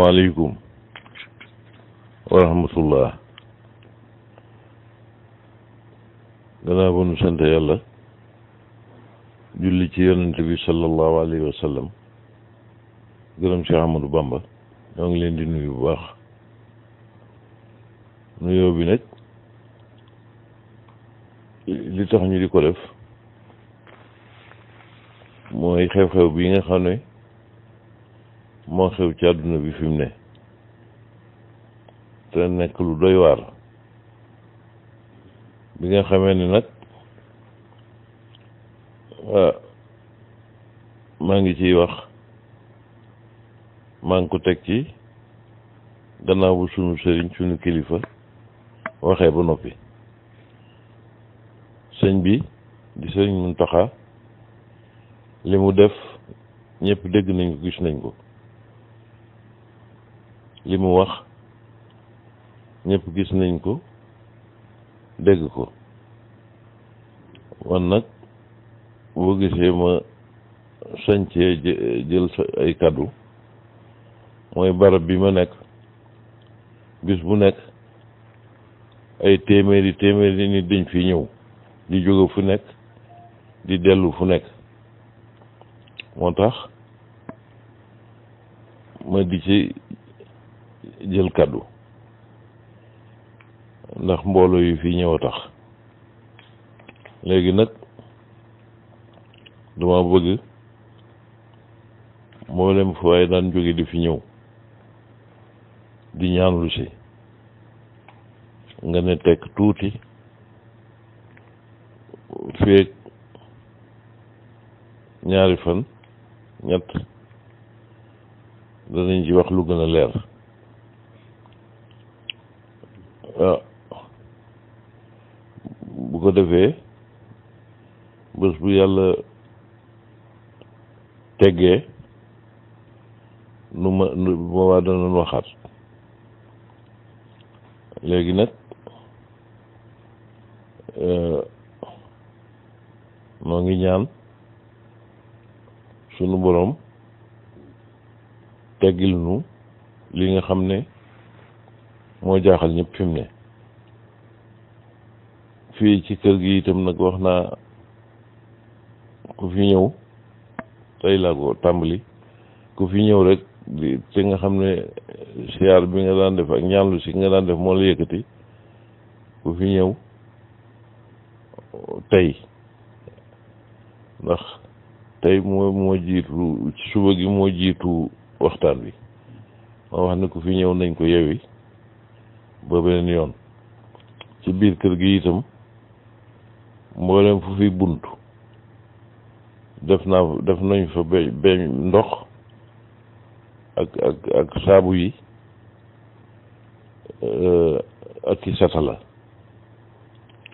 maaleykum wa rahmatullah gannaaw ba nu sant yàlla julli ci yonent bi sallallahu alayhi wa sallam gërëm Cheikh Ahmadou Bamba ñoo ngi leen di nuyu bu baax nuyoo bi nag li tax ñu di ko def mooy xew-xew bi nga xam moo xew ci àdduna bi fi ne te nekk lu doy waar bi nga xamee ni nag ah maa ngi ciy wax maa ngi ko teg ci gannaaw bu sunu sëriñ sunu kilifa waxee ba noppi sëñ bi di sëriñ Muntaxa li mu def ñëpp dégg nañ gis nañ ko li mu wax ñépp gis nañ ko dégg ko wan nag boo gisee ma sañcee jël sa ay kaddu mooy barab bi ma nekk bis bu nekk ay téeméeri téeméeri nit dañ fi ñëw di jóge fu nekk di dellu fu nekk moo tax ma di ci jël kàddu ndax mbooloo yu fi ñëw a tax léegi nag dama bëgg mboolem fu waaye daan jóge di fi ñëw di ñaanlu si nga ne tekk tuuti feeg ñaari fan ñett danañ ci wax lu gën a leer bu ko defee bés bu yàlla teggee nu ma nu boobaa danañ waxaat léegi nag euh, noo ngi ñaan sunu boroom teggil nu li nga xam ne moo jaaxal ñëpp fi ne fii ci kër gi tam nag wax naa ku fi ñëw tey laa ko tàmbali ku fi ñëw rek di te nga xam ne siyaar bi nga daan def ak ñaanlu si nga daan def moo la yëkkati ku fi ñëw tey ndax tey moo moo jiitu suba gi moo jiitu waxtaan wi ma wax ne ku fi ñëw nañ ko yewi ba beneen yoon ci biir kër gi itam mboolem fu fi bunt def naa def nañ fa be beñ ndox ak ak saabu yi euh, ak i satala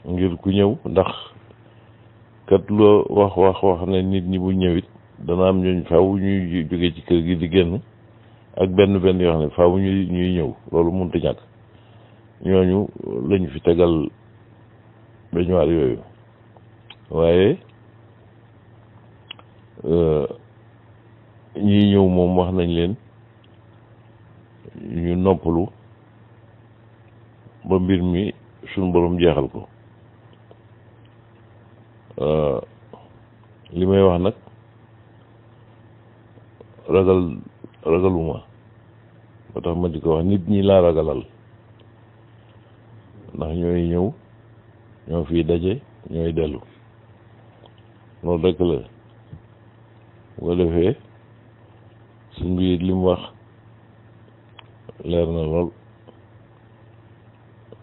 ngir ku ñëw ndax kat loo wax wax wax ne nit ñi bu ñëwit dana am ñooñ faaw ñuy jóge ci kër gi di génn ak benn benn yoo xam ne ñuy ñëw loolu mënut ñàkk ñooñu lañu fi tegal beñuwaar yooyu waaye euh, ñi ñëw moom wax nañ leen ñu noppalu ba mbir mi suñ borom jeexal ko euh, li may wax nag ragal ragaluma ba tax ma di ko wax nit ñi laa ragalal ndax ñooy ñëw ñoo fii daje ñooy dellu loolu rek la boo defee suñ biir li wax leer na lool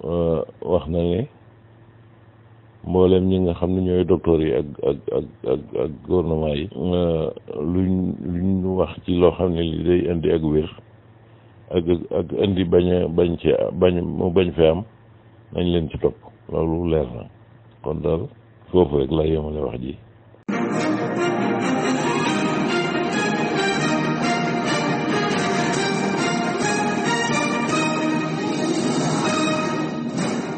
euh, wax na ni mboolem ñi nga xam ne ñooy docteur yi ak ak ak ak ak gouvernement yi euh, luñ luñ wax ci loo xam ne li day indi ak wér ak ak indi bañ a bañ ci am nañ leen ci topp loolu leer na kon daal foofu rek laa yemale wax ji